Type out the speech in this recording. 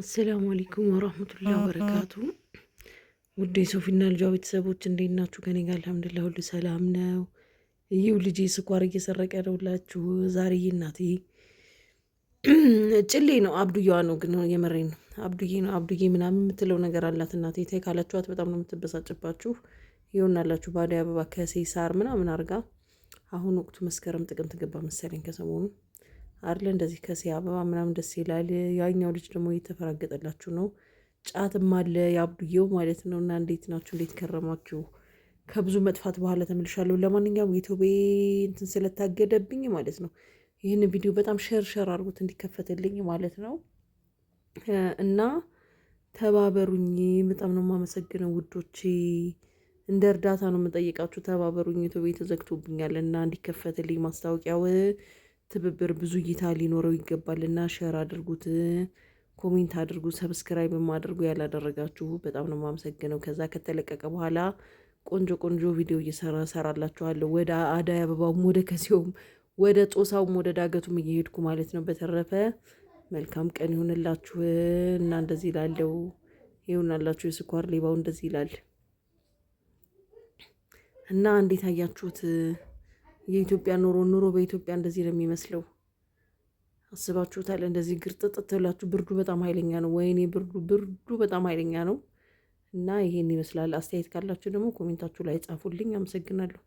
አሰላሙ አለይኩም ወራህመቱላሂ ወበረካቱ። ውዴ ሶፊና ልጇ ቤተሰቦች እንዴት ናችሁ? ከኔ ጋር አልሐምዱሊላህ ሁሉ ሰላም ነው። ይኸው ልጄ ስኳር እየሰረቀ ያደውላችሁ ዛሬ እናቴ ጭሌ ነው አብዱየዋ ነው ግን የመሬ ነው አብዱዬ ነው አብዱዬ ምናምን የምትለው ነገር አላት እናቴ። ታይ ካላችኋት በጣም ነው የምትበሳጭባችሁ። ይሆናላችሁ ባዶ አበባ ከሴ ሳር ምናምን አርጋ አሁን ወቅቱ መስከረም ጥቅምት ገባ መሰለኝ ከሰሞኑ አርለ እንደዚህ ከሴ አበባ ምናምን ደስ ይላል። ያኛው ልጅ ደግሞ እየተፈራገጠላችሁ ነው። ጫትም አለ የአብዱየው ማለት ነው። እና እንዴት ናችሁ? እንዴት ከረማችሁ? ከብዙ መጥፋት በኋላ ተመልሻለሁ። ለማንኛውም ዩቲዩብ እንትን ስለታገደብኝ ማለት ነው ይህን ቪዲዮ በጣም ሸር ሸር አድርጉት እንዲከፈትልኝ ማለት ነው። እና ተባበሩኝ። በጣም ነው የማመሰግነው ውዶቼ። እንደ እርዳታ ነው የምጠይቃችሁ። ተባበሩኝ። ዩቲዩብ ተዘግቶብኛል እና እንዲከፈትልኝ ማስታወቂያው ትብብር ብዙ እይታ ሊኖረው ይገባልና ሼር አድርጉት፣ ኮሜንት አድርጉ፣ ሰብስክራይብ አድርጉ። ያላደረጋችሁ በጣም ነው የማመሰግነው። ከዛ ከተለቀቀ በኋላ ቆንጆ ቆንጆ ቪዲዮ እየሰራ ሰራላችኋለሁ። ወደ አዳይ አበባውም ወደ ከሲውም ወደ ጦሳውም ወደ ዳገቱም እየሄድኩ ማለት ነው። በተረፈ መልካም ቀን ይሆንላችሁ እና እንደዚህ ላለው ይሆናላችሁ። የስኳር ሌባው እንደዚህ ይላል እና እንዴት አያችሁት? የኢትዮጵያ ኑሮ ኑሮ በኢትዮጵያ እንደዚህ ነው የሚመስለው። አስባችሁታል? እንደዚህ ግርጥጥ ትብላችሁ። ብርዱ በጣም ኃይለኛ ነው። ወይኔ ብርዱ ብርዱ በጣም ኃይለኛ ነው እና ይሄን ይመስላል። አስተያየት ካላችሁ ደግሞ ኮሜንታችሁ ላይ ጻፉልኝ። አመሰግናለሁ።